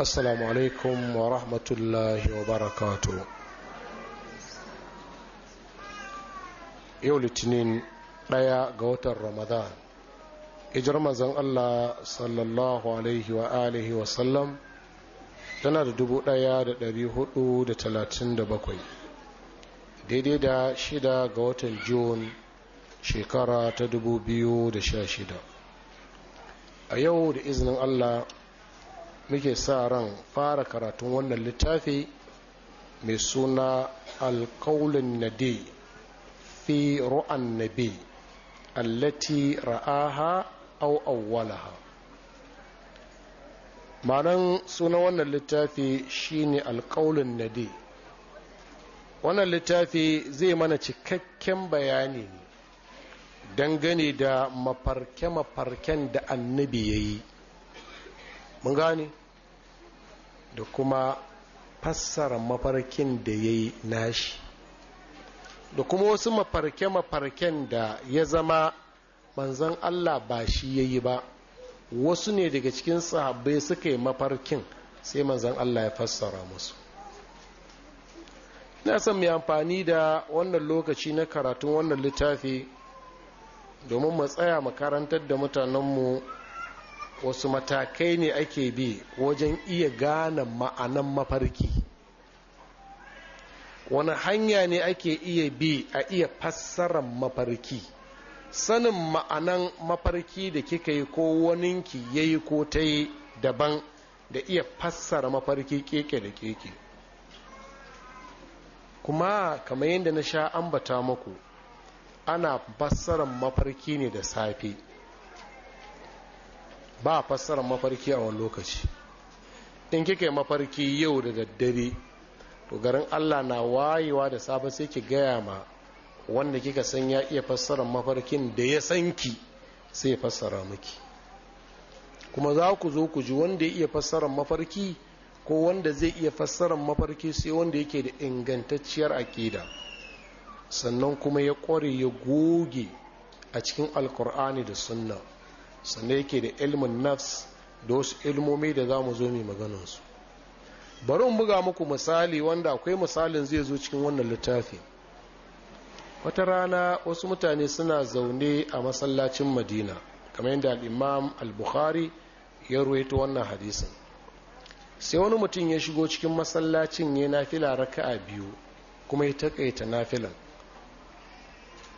السلام wa rahmatullahi wa barakato. Yau Litinin ɗaya ga watan ramadan ijar mazan allah sallallahu alaihi wa alihi tana da dubu ɗaya da ɗari hudu da talatin da bakwai daidai da shida ga watan jun shekara ta dubu biyu da sha shida a yau da izinin allah muke sa ran fara karatun wannan littafi mai suna alkaulin nadi fi ru'an nabi allati ra'aha au awwalaha ma'anan suna wannan littafi shine alkaulin nadi wannan littafi zai mana cikakken bayani dangane da mafarke-mafarken da annabi ya yi mun gane da kuma fassara mafarkin da ya yi nashi da kuma wasu mafarke-mafarken da ya zama manzan Allah ba shi ya yi ba wasu ne daga cikin sahabbai suka yi mafarkin sai manzan Allah ya fassara musu na san mai amfani da wannan lokaci na karatun wannan littafi domin matsaya makarantar da mutanenmu wasu matakai ne ake bi wajen iya gane ma'anan mafarki wani hanya ne ake iya bi a iya fassarar mafarki sanin ma'anan mafarki da kika yi ko waninki ya yi ko ta yi daban da iya fassara mafarki keke da keke kuma kamar yadda na sha ambata muku ana fassarar mafarki ne da safe ba fassarar mafarki a wani lokaci in kika mafarki yau da daddare to garin allah na wayewa da safe sai ki gaya ma wanda kika san ya iya fassarar mafarkin da ya san ki sai ya fassara miki kuma za ku zo ku ji wanda ya iya fassarar mafarki ko wanda zai iya fassarar mafarki sai wanda yake da ingantacciyar aƙida sannan kuma ya kware ya goge a cikin alkur'ani da sunna sannan yake da ilmin nafs da wasu ilmomi da za mu zo mai maganansu bari in buga muku misali wanda akwai misalin zai zo cikin wannan littafi wata rana wasu mutane suna zaune a masallacin madina kamar yadda al'imam al-bukhari ya ruwaito wannan hadisin sai wani mutum ya shigo cikin masallacin ya nafila raka'a biyu kuma ya takaita nafilan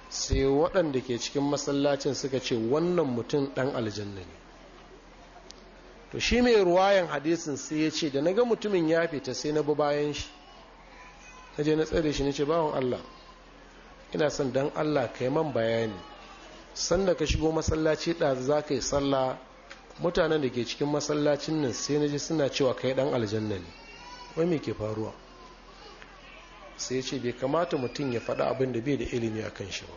sai waɗanda ke cikin masallacin suka ce wannan mutum ɗan aljanna ne to shi mai ruwayan hadisin sai ya ce da na ga mutumin ya fita sai na bi bayan shi na je na tsare shi na ce bawan Allah ina son dan Allah ka yi man bayani sanda ka shigo masallaci da za ka yi sallah mutanen da ke cikin masallacin nan sai na ji suna cewa kai yi ɗan aljanna ne wai me ke faruwa sai ce bai kamata mutum ya faɗa abin da bai da ilimi a kan shi ba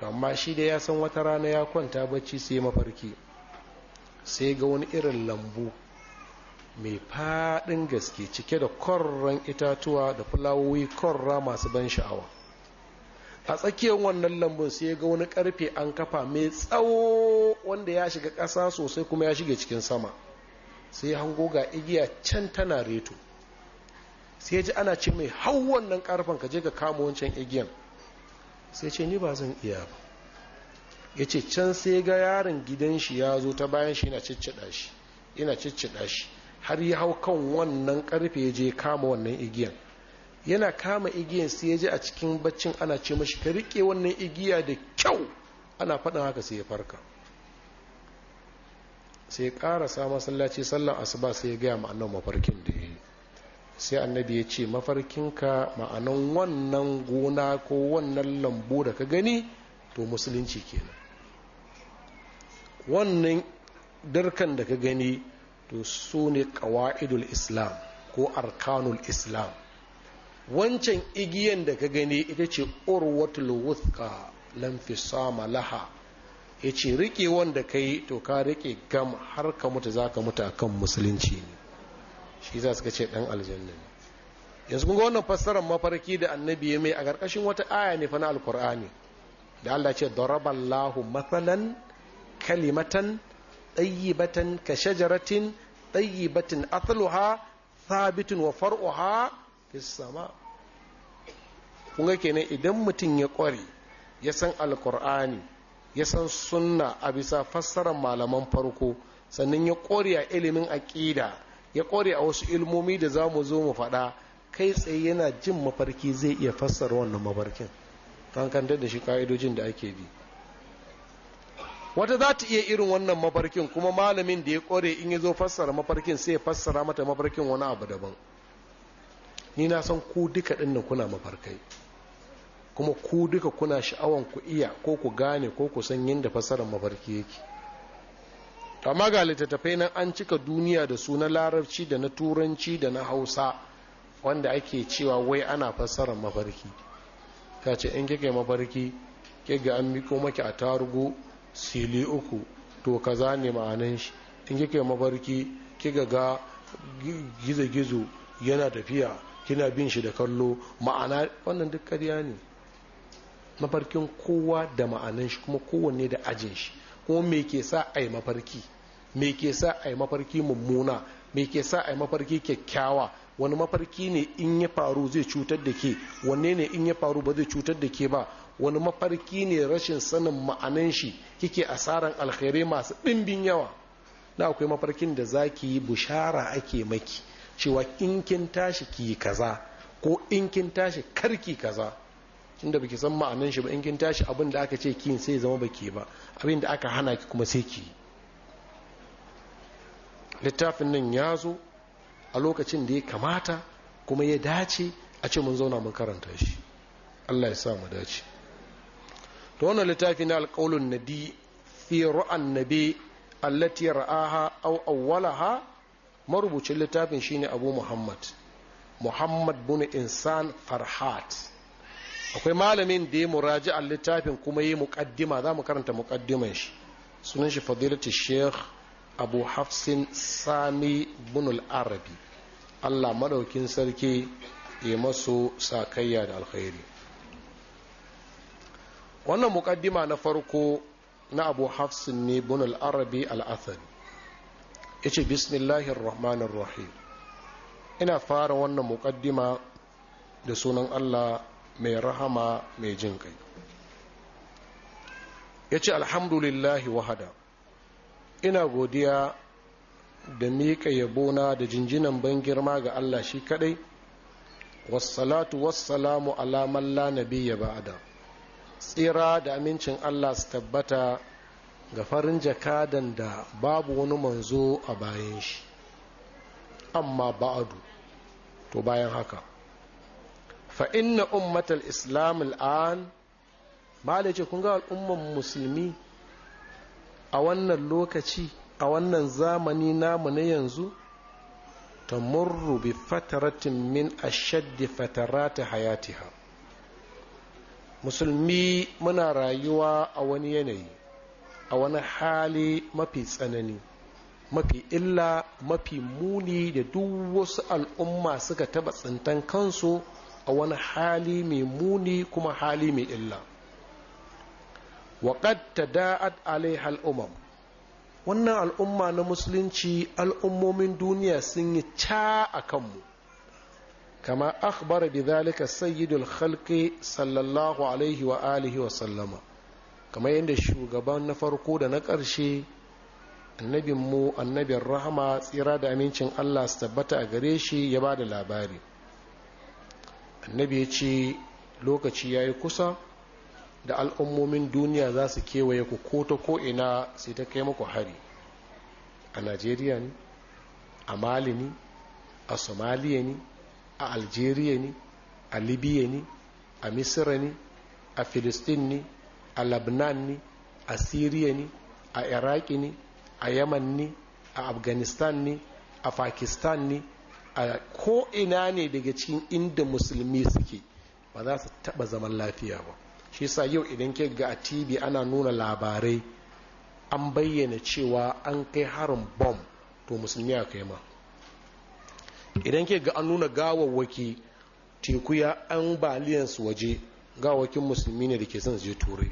to amma shi da ya san wata rana ya kwanta bacci sai mafarki sai ga wani irin lambu mai faɗin gaske cike da korran itatuwa da fulawoyi korra masu ban sha'awa a tsakiyar wannan lambun sai ya ga wani ƙarfe an kafa mai tsawo wanda ya shiga ƙasa sosai kuma ya shiga cikin sama sai hango ga igiya can tana reto sai ji ana ce mai hau wannan karfan ka je ka kama wancan igiyan sai ce ni ba zan iya ba ya ce can sai ga yaron gidan shi ya zo ta bayan shi yana ciccida shi har ya hau kan wannan karfe ya je kama wannan igiyan yana kama igiyan sai ya ji a cikin baccin ana ce mashi ka rike wannan igiya da kyau ana faɗin haka sai ya farka sai ya samun masallaci sallan asuba sai ya gaya ma annan mafarkin da ya sai annabi ya ce mafarkinka ma'anan wannan gona ko wannan lambu da ka gani to musulunci kenan wannan darkan da ka gani to su ne ƙawa'idul islam ko arkanul islam wancan igiyan da ka gani ita ce urwatul wuthqa lam fisama laha ya ce rike wanda kai to ka riƙe gam har ka mutu za ka mutu akan musulunci ne shi za su ce dan aljanna ne yanzu kun ga wannan fassarar mafarki da annabi ya mai a ƙarƙashin wata aya ne fa na alkur'ani da Allah ce daraballahu mathalan kalimatan tayyibatan ka shajaratin tayyibatin athluha thabitun wa far'uha fis sama kun ga kenan idan mutum ya ƙware ya san alkur'ani ya san sunna a bisa fassarar malaman farko sannan ya ƙware a ilimin aƙida ya ƙware a wasu ilmomi da za mu zo mu faɗa kai tsaye yana jin mafarki zai iya fassara wannan mafarkin kankantar da shi ka'idojin da ake bi wata za ta iya irin wannan mafarkin kuma malamin da ya ƙware in ya zo fassara mafarkin sai ya fassara mata mafarkin wani abu daban ni na san ku duka ɗin kuna mafarkai kuma ku duka kuna sha'awan ku iya ko ku gane ko ku san yadda fassarar mafarki yake amma ga littattafai nan an cika duniya da su na larabci da na turanci da na hausa wanda ake cewa wai ana fassara mafarki ta ce in kika mafarki ga an miko maki a tarugu sili uku to kaza ne ma'anin shi in kika mafarki ke ga gizo-gizo yana tafiya kina bin shi da kallo ma'ana wannan duk karya ne mafarkin kowa da ma'anin shi kuma kowanne da ajin shi ko me ke sa a yi mafarki me ke sa a yi mafarki mummuna me ke sa a yi mafarki kyakkyawa wani mafarki ne in ya faru zai cutar da ke wanne ne in ya faru ba zai cutar da ke ba wani mafarki ne rashin sanin ma'anan shi kike asaran alkhairai masu ɗimbin yawa na akwai mafarkin da za ki yi bushara ake maki cewa in kin tashi ki kaza ko in kin tashi karki kaza tunda baki san ma'anan shi ba in kin tashi abin da aka ce kin sai zama baki ba abin da aka hana ki kuma sai ki littafin nan ya zo a lokacin da ya kamata kuma ya dace a ce mun zauna mun karanta shi Allah ya sa mu dace to wannan littafi na alqaulun nabi fi ru'an nabi allati ra'aha aw awwalaha marubucin littafin shine Abu Muhammad Muhammad bin Insan Farhat akwai malamin da ya muraji a littafin kuma yi muƙaddima za mu karanta muƙaddiman shi sunan shi fadilati sheikh abu hafsin sami bunul arabi allah maɗaukin sarki ya masu sakayya da alkhairi wannan muƙaddima na farko na abu hafsin ne bunul arabi al'athari ya ce bismillahir rahmanir rahim ina fara wannan muƙaddima da sunan allah mai rahama mai jin kai ya ce alhamdulillahi wahada ina godiya da miƙa yabona da jinjinan ban girma ga Allah shi kadai wassalatu wassalamu alaman man la ba ada tsira da amincin Allah su tabbata ga farin jakadan da babu wani manzo a bayan shi amma ba'adu to bayan haka fa inna ummatal islam al'an malaje kun ga al'umman musulmi a wannan lokaci a wannan zamani namu na yanzu ta murru bi fataratin min ashaddi fatarati hayatiha musulmi muna rayuwa a wani yanayi a wani hali mafi tsanani mafi illa mafi muni da duk wasu al'umma suka taba tsintan kansu a wani hali mai muni kuma hali mai illa waƙad ta da'ad alaihal umam wannan al'umma na musulunci al'ummomin duniya sun yi ca a kanmu kama akhbara bi zalika sayyidul khalqi sallallahu alaihi wa alihi wa sallama kama yadda shugaban na farko da na ƙarshe annabinmu annabin rahama tsira da amincin Allah su tabbata a gare shi ya ba da labari annabi ya ce lokaci ya yi kusa da al'ummomin duniya za su kewaye ku ko ta ko'ina sai ta kai muku hari a najeriya ne a mali ne a somaliya ne a algeria ne a libya ne a misira ne a filistin ne a labnan ne a syria ne a iraki ne a yaman ne a afghanistan ne a pakistan ne a ko'ina ne daga cikin inda musulmi suke ba za su taɓa zaman lafiya ba shi sa yau idan ke ga a tv ana nuna labarai an bayyana cewa an kai harin bom to musulmi a kai ma idan ke ga an nuna gawawwaki teku ya an su waje gawakin musulmi ne da ke son je turai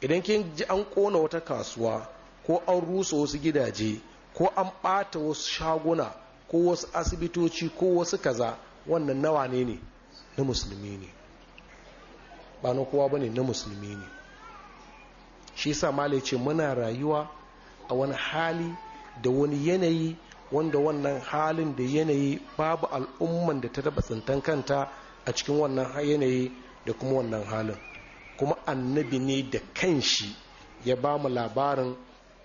idan ke ji an kona wata kasuwa ko an rusa wasu gidaje ko an ɓata wasu shaguna ko wasu asibitoci ko wasu kaza wannan nawa ne ne na musulmi ne ba na kowa ba ne na musulmi ne shi sa male ce muna rayuwa a wani hali da wani yanayi wanda wannan halin da yanayi babu al'umman da ta taba tsintan kanta a cikin wannan yanayi da kuma wannan halin kuma annabi ne da kanshi ya ba mu labarin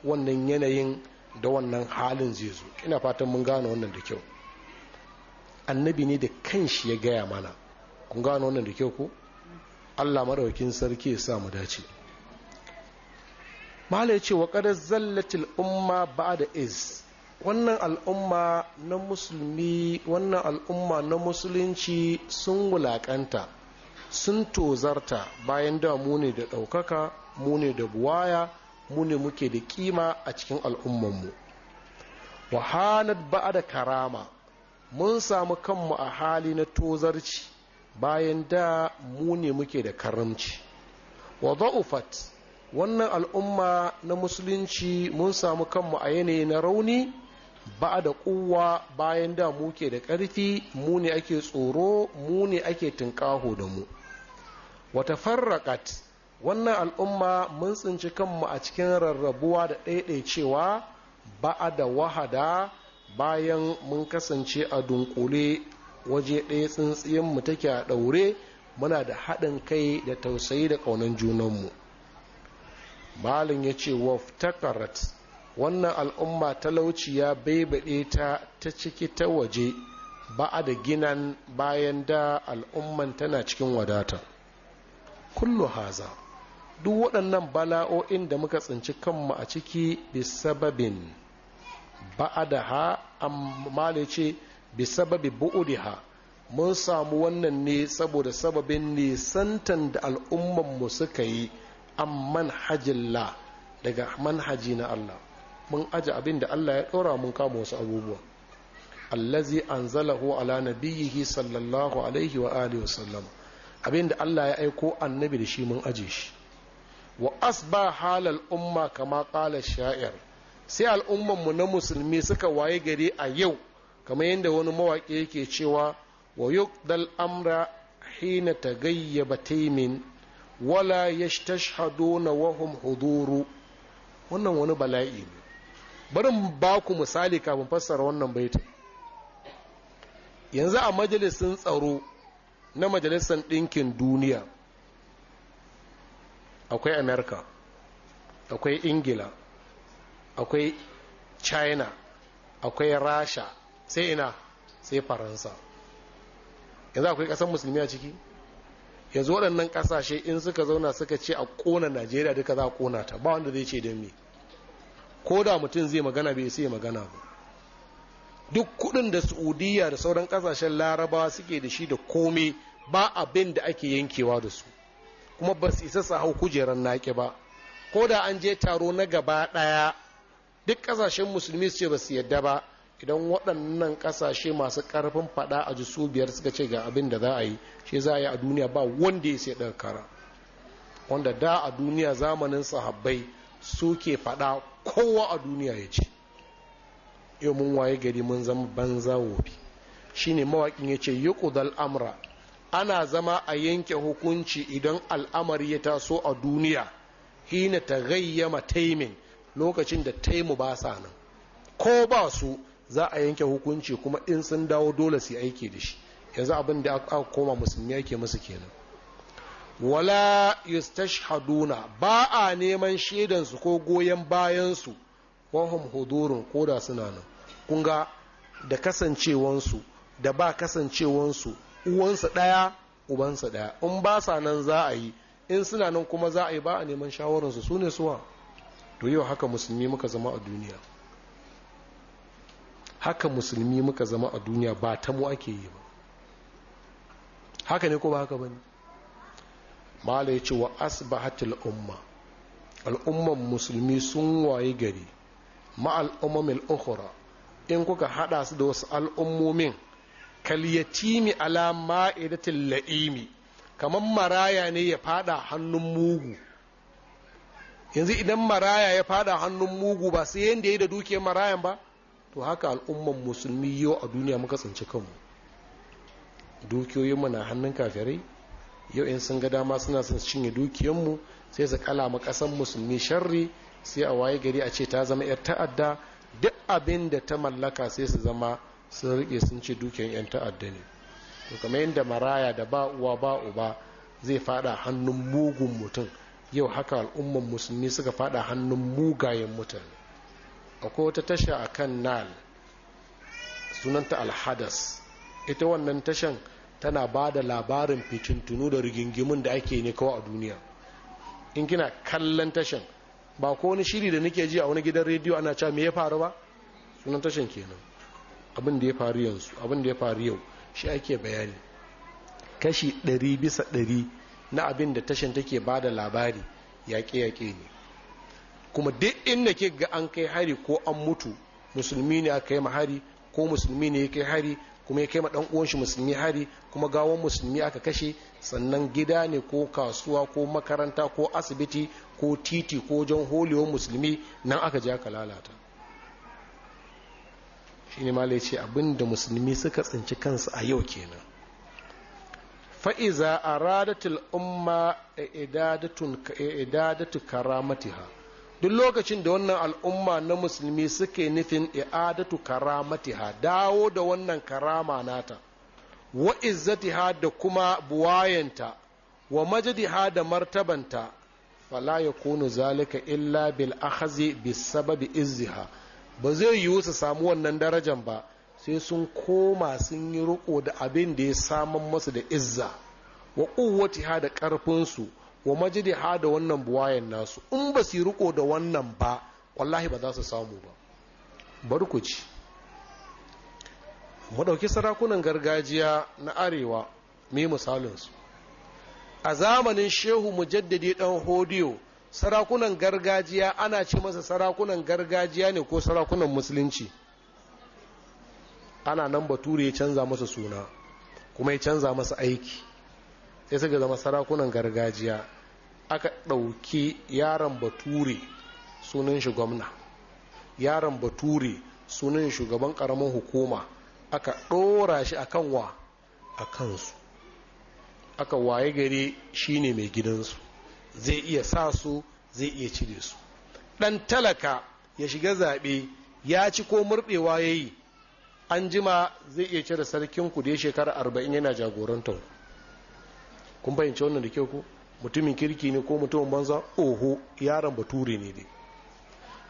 wannan yanayin da wannan halin zai zo ina fatan mun gane wannan da kyau annabi ne da kanshi ya gaya mana kun gane wannan da kyau ko Allah maraukin sarki ya sa mu dace mahala ya ce wa ƙarar zallatil umma ba'da is wannan al'umma na musulmi wannan al'umma na musulunci sun wulaƙanta, sun tozarta bayan da mu ne da ɗaukaka mu ne da buwaya mu ne muke da kima a cikin al'ummanmu wahanat ba'a da karama mun samu kanmu a hali na tozarci bayan da mu ne muke da karamci wa za'ufat wannan al'umma na musulunci mun samu kanmu a yanayi na rauni ba da kuwa bayan da muke da ƙarfi mu ne ake tsoro mu ne ake tunƙaho da mu wata farraƙat wannan al'umma mun tsinci kanmu a cikin rarrabuwa da ɗaiɗaicewa ba'a da wahada bayan mun kasance a dunkule waje ɗaya tsintsiyanmu take a ɗaure muna da haɗin kai da tausayi da ƙaunan junanmu malin ya ce takarat wannan al'umma talauci ya baibaɗe ta ta ciki ta waje ba a da ginan bayan da al'umman tana cikin wadata kullu haza duk waɗannan bala'o'in da muka tsinci kanmu a ciki bisababin ha amma da ce bisababi ha mun samu wannan ne saboda sababin nisantan da al'ummanmu suka yi an manhajilla daga manhaji na Allah mun aji abin da Allah ya ɗora mun kama wasu abubuwa allazi anzalahu ala nabiyyihi sallallahu alaihi wa alihi wasallam abin da Allah ya aiko annabi da shi mun aje shi wa asba halal umma kama qala sha'ir sai al'umman mu na musulmi suka waye gari a yau kamar yadda wani mawaƙi yake cewa wa yuqdal amra hina tagayyaba taymin wala yashtashhaduna wa hum huduru wannan wani bala'i ne barin ba ku misali kafin fassara wannan baitin yanzu a majalisin tsaro na majalisar ɗinkin duniya akwai america akwai ingila akwai china akwai rasha sai ina sai faransa yanzu akwai kasar musulmi a ciki yanzu waɗannan ƙasashe in suka zauna suka ce a ƙona najeriya duka za a ƙona ta ba wanda zai ce don me ko da mutum zai magana bai sai magana ba duk kudin da saudiya da sauran ƙasashen larabawa suke da shi da komai ba abin da ake yankewa da su kuma ba su isa su hau kujerar naƙi ba ko da an je taro na gaba ɗaya duk ƙasashen musulmi su ce ba su yadda ba idan waɗannan ƙasashe masu ƙarfin faɗa a jisu biyar suka ce ga abin da za a yi shi za a yi a duniya ba wanda ya sai ɗan kara wanda da a duniya zamanin sahabbai suke faɗa kowa a duniya ya ce yau mun waye gari mun zama banza wofi ne mawaƙin ya ce yi amra ana zama a yanke hukunci idan al'amari ya taso a duniya hina ta gayyama taimin lokacin da taimu ba sa nan ko ba su za a yanke hukunci kuma in sun dawo dole su aiki da shi yanzu abin da aka koma musulmi yake musu kenan wala yustashhaduna ba a neman su ko goyon bayansu hum hudurun ko da suna nan kun ga da kasancewansu da ba kasancewansu uwansa ɗaya ubansa ɗaya in ba sa nan za a yi in suna nan kuma za a yi ba a neman shawararsu su ne suwa to yau haka musulmi muka zama a duniya haka musulmi muka zama a duniya ba ta mu ake yi ba haka ne ko ba haka ba ne mala ya ce wa asbahatul umma al'umman musulmi sun waye gari ma al'ummamin ukhra in kuka hada su da wasu al'ummomin kalyatimi ala ma'idatil la'imi kamar maraya ne ya fada hannun mugu yanzu idan maraya ya fada hannun mugu ba sai yanda ya da dukiyar marayan ba to haka al'umman musulmi yau a duniya muka tsinci kanmu dukiyoyinmu na hannun kafirai yau in sun ga dama suna son cinye dukiyarmu sai su kala ma kasan musulmi sharri sai a waye gari a ce ta zama yar ta'adda duk abin da ta mallaka sai su zama sun rike sun ce dukiyar 'yan ta'adda ne to kamar inda maraya da ba uwa ba uba zai fada hannun mugun mutum yau haka al'umman musulmi suka fada hannun mugayen mutane akwai wata tasha a kan nal sunanta alhadas ita wannan tashan tana ba da labarin fitintunu da rigingimun da ake ne kawai a duniya in kina kallon tashan ba ko wani shiri da nake ji a wani gidan rediyo ana cewa me ya faru ba sunan tashan kenan abin da ya faru yanzu abin da ya faru yau shi ake bayani kashi ɗari bisa ɗari na abin da tashin take ba da labari yaƙe-yaƙe ne kuma duk inda ke ga an kai hari ko an mutu musulmi ne aka yi ma hari ko musulmi ne ya kai hari kuma ya kai ma ɗan uwan shi musulmi hari kuma gawon musulmi aka kashe sannan gida ne ko kasuwa ko makaranta ko asibiti ko titi ko wajen holiwar musulmi nan aka je aka lalata shi ne malai ce abinda musulmi suka tsinci kansu a yau kenan fa'iza a radatul umma idadatu karamatiha duk lokacin da wannan al'umma na musulmi suke nufin i'adatu karamatiha dawo da wannan karama nata wa izzatiha da kuma buwayenta wa majadiha da martabanta fala ya kunu zalika illa bil akhazi bisababi sababi izziha ba zai yiwu su samu wannan darajan ba sai sun koma sun yi riko da abin da ya saman masu da izza wa ha da ƙarfinsu wa ha da wannan buwayen nasu in ba su yi riko da wannan ba wallahi ba za su samu ba barkuci ku mu ɗauki sarakunan gargajiya na arewa mai misalinsu a zamanin shehu mujaddadi ɗan hodiyo sarakunan gargajiya ana ce masa sarakunan gargajiya ne ko sarakunan musulunci ana nan bature ya canza masa suna kuma ya canza masa aiki sai suka zama sarakunan gargajiya aka ɗauki yaron bature sunan shi gwamna yaron bature sunan shugaban ƙaramin hukuma aka ɗora shi akan wa a kansu aka waye gare shine mai gidansu zai iya sa su zai iya cire su ɗan talaka ya shiga zaɓe ya ci ko murɗewa ya yi an jima zai iya cire sarkin ku da ya shekara arba'in yana jagorantar kun fahimci wannan da kyau ko mutumin kirki ne ko mutumin banza oho yaron bature ne dai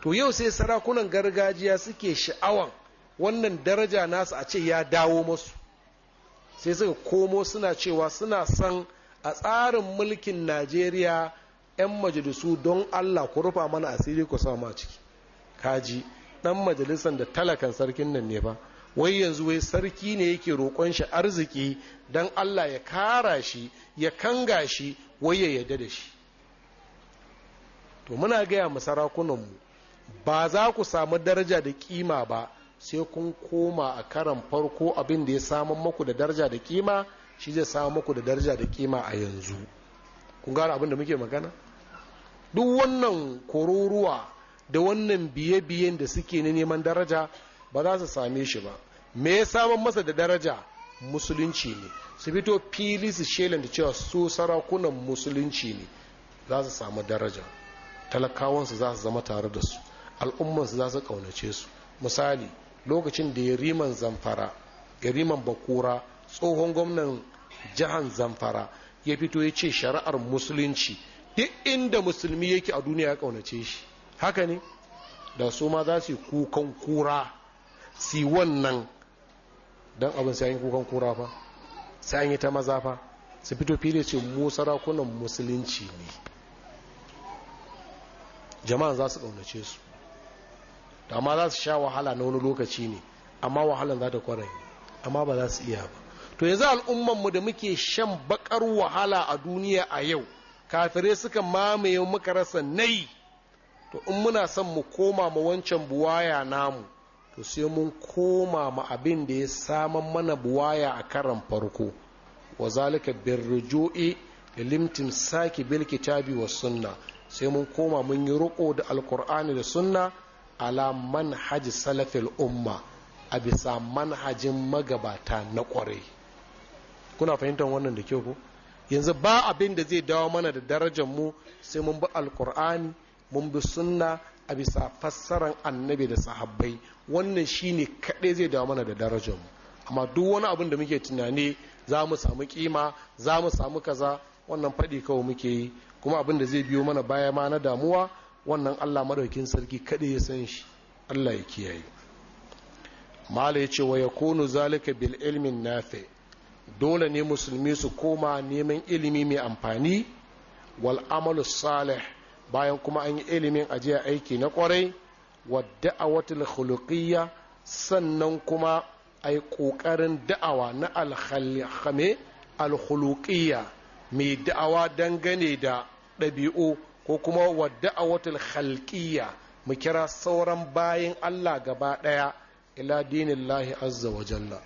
to yau sai sarakunan gargajiya suke sha'awan wannan daraja nasu a ce ya dawo masu sai suka komo suna cewa suna san a tsarin mulkin najeriya 'yan majalisu don allah ku rufa mana asiri ku sama ciki kaji dan majalisar da talakan sarkin nan ne ba wai yanzu wai sarki ne yake roƙon shi arziki don allah ya kara shi ya kanga shi wai ya yarda da shi to muna gaya mu sarakunanmu ba za ku samu daraja da kima ba sai kun koma a karan farko abin da ya samun maku da daraja da kima shi zai samu muku da daraja da kima a yanzu kun gane abin da muke magana duk wannan kororuwa da wannan biye-biyen da suke na neman daraja ba za su same shi ba me ya samun masa da daraja musulunci ne su fito fili su shelan da cewa su sarakunan musulunci ne za su samu daraja talakawansu za su zama tare da su al'ummansu za su kaunace su misali lokacin da ya riman zamfara ya riman bakura tsohon gwamnan jihar zamfara ya fito ya ce shari'ar musulunci duk inda musulmi yake a duniya ya kaunace shi haka ne da su ma za su kukan kura si wannan don abin sai kukan kura fa sai yi ta maza fa su fito fili ce mu sarakunan musulunci ne jama'a za su kaunace su amma za su sha wahala na wani lokaci ne amma wahalan za ta kwarai amma ba za su iya ba to yanzu al'ummanmu da muke shan bakar wahala a duniya a yau kafirai suka mamaye muka rasa nai to in muna son mu koma ma wancan buwaya namu to sai mun koma ma abin da ya saman mana buwaya a karan farko wa zalika birruju'i limtin saki bil kitabi wa sunna sai mun koma mun yi riko da alkur'ani da sunna ala manhaji salafil umma a bisa manhajin magabata na ƙwarai kuna fahimtar wannan da kyau ko yanzu ba abin da zai dawo mana da darajar mu sai mun bi alkur'ani mun bi sunna a bisa fassaran annabi da sahabbai wannan shine kaɗai zai dawo mana da darajar mu amma duk wani abin da muke tunani za mu samu kima za mu samu kaza wannan faɗi kawai muke yi kuma abin da zai biyo mana baya ma na damuwa wannan allah madaukin sarki kaɗai ya san shi allah ya kiyaye mala ya ce wa ya kunu zalika bil ilmin nafi dole ne musulmi su koma neman ilimi mai amfani wal amalu salih bayan kuma an yi ilimin ajiya aiki na kwarai wa da'awatul khuluqiyya sannan kuma a yi ƙoƙarin da'awa na alkhame alhulukiya mai da'awa dangane da ɗabi'u ko kuma wa da'awatul khalqiyya mu kira sauran bayan Allah gaba ɗaya ila dinillahi azza wa jalla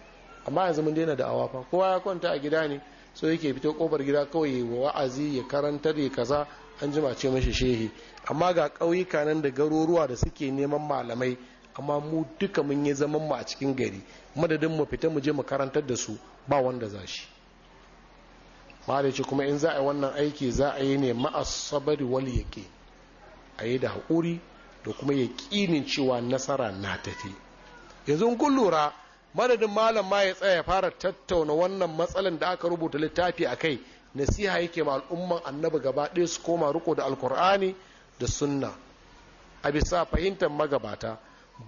amma yanzu mun daina da'awa fa kowa ya kwanta a gida ne so yake fito kofar gida kawai wa wa'azi ya karantar ya kaza an jima ce mashi shehi amma ga ƙauyuka nan da garuruwa da suke neman malamai amma mu duka mun yi zaman mu a cikin gari madadin mu fita mu je mu karantar da su ba wanda za shi ce kuma in za a yi wannan aiki za a yi ne ma'asabari wal ke a yi da haƙuri da kuma yaƙinin cewa nasara na tafi yanzu kun lura madadin malam ma ya tsaya fara tattauna wannan matsalar da aka rubuta littafi a kai nasiha yake ma al'umman annabi gaba ɗaya su koma riko da alkur'ani da sunna a bisa fahimtar magabata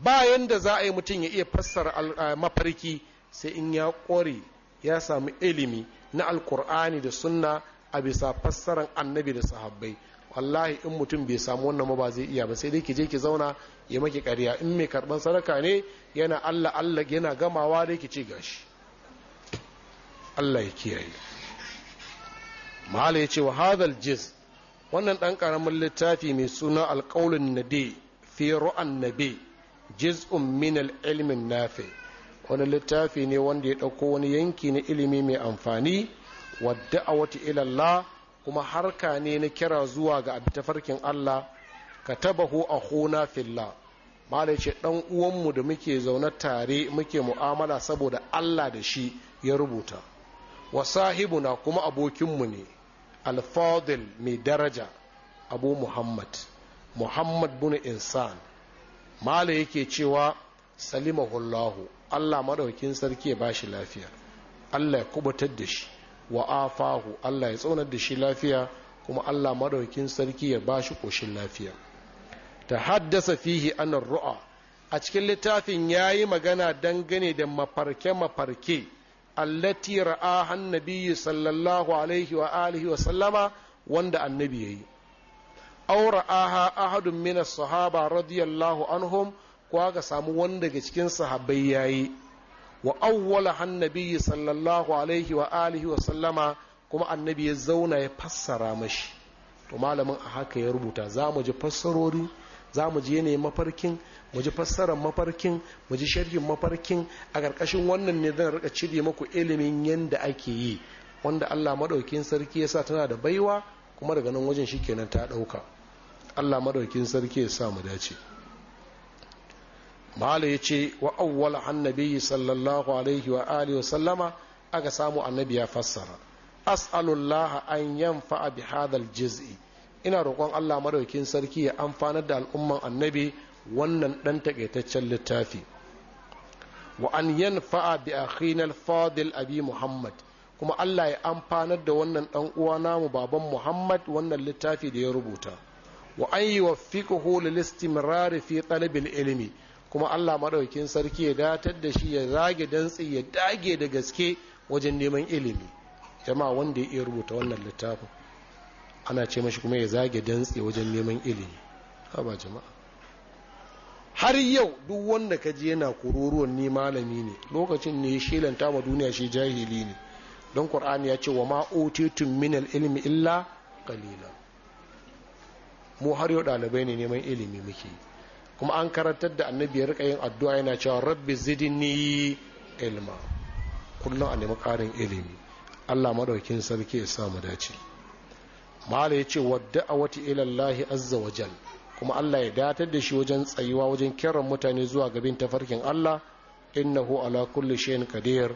bayan da za a yi mutum ya iya fassara eh, mafarki sai in ya ƙware ya samu ilimi na alkur'ani da sunna a bisa fassaran annabi da sahabbai wallahi in mutum bai samu wannan ma ba zai iya ba sai dai ki je ki zauna ya maki karya in mai karban sadaka ne yana Allah Allah yana gamawa da yake ci gashi Allah ya kiyaye mahala ya ce wa hadal jiz wannan ɗan ƙaramin littafi mai suna alƙaulun nade fi ru'an nabe jiz'un min ilmin nafi wani littafi ne wanda ya ɗauko wani yanki na ilimi mai amfani wadda a wata ilallah kuma harka ne na kira zuwa ga farkin Allah ka tabahu a hona filla malai ce dan uwanmu da muke zaune tare muke mu'amala saboda Allah da shi ya rubuta wa sahibuna kuma abokinmu ne al-fadil mai daraja abu muhammad muhammad bin insan malai yake cewa salimahullahu Allah madaukin sarki ya bashi lafiya Allah ya kubutar da shi wa afahu Allah ya tsaunar da shi lafiya kuma Allah madaukin sarki ya bashi koshin lafiya ta haddasa fihi anar ru'a a cikin littafin ya yi magana dangane da mafarke-mafarke allati ra'ahan nabiyyu sallallahu alaihi wa alihi wa sallama wanda annabi ya yi aw ra'aha ahadun sahaba radiyallahu anhum ko aka samu wanda daga cikin sahabai yayi wa awwala annabi sallallahu alaihi wa alihi wa sallama kuma annabi ya zauna ya fassara mashi to malamin a haka ya rubuta za mu ji fassarori za mu je ne mafarkin mu ji fassarar mafarkin mu ji sharhin mafarkin a ƙarƙashin wannan ne zan rika cire maku ilimin yadda ake yi wanda Allah madaukin sarki yasa tana da baiwa kuma daga nan wajen shi kenan ta ɗauka Allah madaukin sarki ya sa mu dace mala ya ce wa awwal annabi sallallahu alaihi wa alihi wa sallama aka samu annabi ya fassara as'alullaha an yamfa a hadal juz'i ina roƙon Allah maɗaukin sarki ya amfanar da al'umman annabi wannan ɗan takaitaccen littafi wa an fa'a bi akhina fadil abi muhammad kuma Allah ya amfanar da wannan ɗan uwa namu baban muhammad wannan littafi da ya rubuta wa an yuwaffiquhu lil istimrar fi ɗalibin ilimi kuma Allah maɗaukin sarki ya datar da shi ya zage dantsi ya dage da gaske wajen neman ilimi jama'a wanda ya iya rubuta wannan littafin ana ce mashi kuma ya zage dantse wajen neman ilimi ha ba jama'a har yau duk wanda ka je yana kururuwan ni malami ne lokacin ne ya shelanta ma duniya shi jahili ne don qur'ani ya ce wa ma utitum min ilmi illa qalila mu har yau ɗalibai ne neman ilimi muke kuma an karantar da annabi ya rika yin addu'a yana cewa rabbi zidni ilma kullum a nemi karin ilimi Allah madaukin sarki ya sa mu dace mala ya ce wadda a wata ilallahi azza wajen kuma allah ya datar da shi wajen tsayuwa wajen kiran mutane zuwa gabin tafarkin allah innahu ala kulli shayin kadir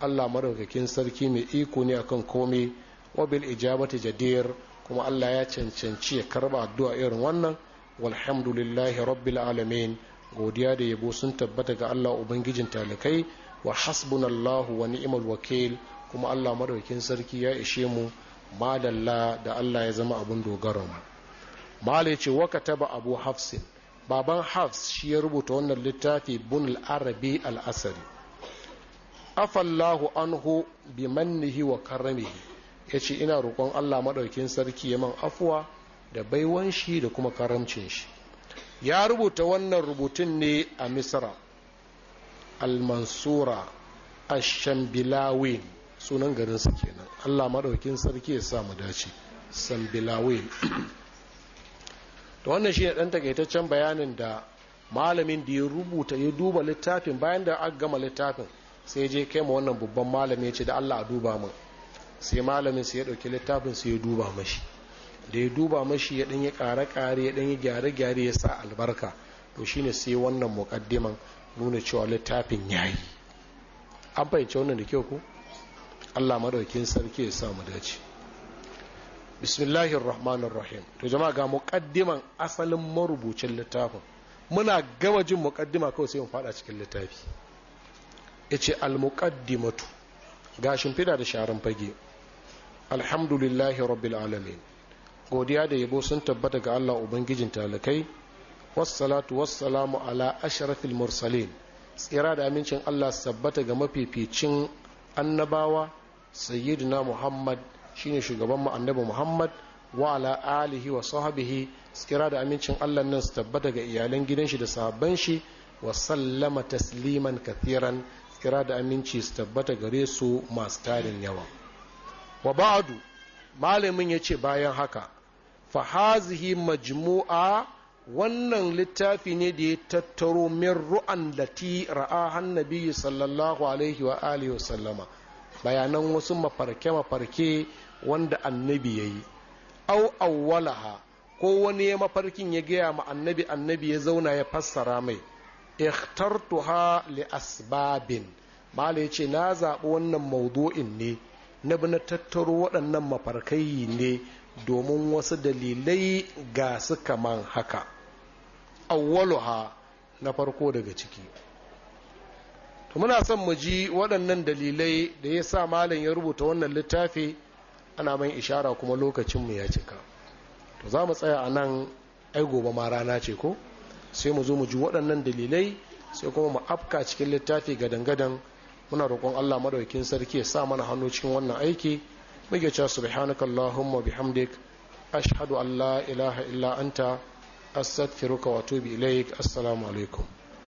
allah madaukakin sarki mai iko ne akan komai wabil ijabati jadir kuma allah ya cancanci ya karba addu'a irin wannan walhamdulillahi rabbil alamin godiya da yabo sun tabbata ga allah ubangijin talikai wa hasbunallahu wa ni'mal wakil kuma allah madaukakin sarki ya ishe mu madalla da Allah ya zama abin dogaranmu malai ce waka taba abu hafsin baban hafs shi ya rubuta wannan littafi bun arabi al'asari afallahu anhu bi mannihi wa karamihi ya ce ina roƙon Allah maɗaukin sarki ya man afuwa da baiwan shi da kuma karamcin shi ya rubuta wannan rubutun ne a misra al-mansura ash-shambilawin sunan garinsa kenan allah maɗaukin sarki ya samu mu dace bilawe to wannan shi ne ɗan takaitaccen bayanin da malamin da ya rubuta ya duba littafin bayan da aka gama littafin sai je kai ma wannan babban malami ya ce da allah a duba mu sai malamin sai ya ɗauki littafin sai ya duba mashi da ya duba mashi ya yi ƙare-ƙare ya yi gyare-gyare ya sa albarka to shi ne sai wannan muƙaddiman nuna cewa littafin ya yi an fahimci wannan da kyau ko Allah madaukin sarki ya sa mu dace bismillahir rahmanir rahim to jama'a ga muqaddiman asalin marubucin littafin muna gama jin muqaddima kawai sai mu fada cikin littafi yace al muqaddimatu ga shimfida da sharan fage alhamdulillahi rabbil alamin godiya da yabo sun tabbata ga Allah ubangijin talakai wassalatu wassalamu ala ashrafil mursalin tsira da amincin Allah sabbata ga mafificin annabawa sayyidina muhammad shine shugaban mu annabi muhammad wa ala alihi wa sahbihi tsira da amincin Allah nan su tabbata ga iyalan gidan shi da sahabban shi wa sallama tasliman kathiran tsira da aminci su tabbata gare su masu tarin yawa wa malamin malamin ce bayan haka fahazihi majmu'a wannan littafi ne da ya tattaro min ru'an lati ra'a hannabi sallallahu alaihi wa alihi wa sallama bayanan wasu mafarke-mafarke wanda annabi ya yi au awwalaha ko wani ya mafarkin ya gaya ma annabi annabi ya zauna ya fassara mai ikhtartuha li asbabin mala yace na zaɓi wannan maudu'in ne na bi na tattaro waɗannan mafarkai ne domin wasu dalilai ga su kaman haka awwaluha na farko daga ciki to muna son mu ji waɗannan dalilai da ya sa malam ya rubuta wannan littafi ana mai ishara kuma lokacinmu ya cika to za mu tsaya a nan ai gobe ma rana ce ko sai mu zo mu ji waɗannan dalilai sai kuma mu afka cikin littafi gadan-gadan muna roƙon Allah madaukakin sarki ya sa mana hannu cikin wannan aiki muke cewa subhanaka allahumma bihamdik ashhadu an la ilaha illa anta astaghfiruka wa atubu ilaik assalamu alaikum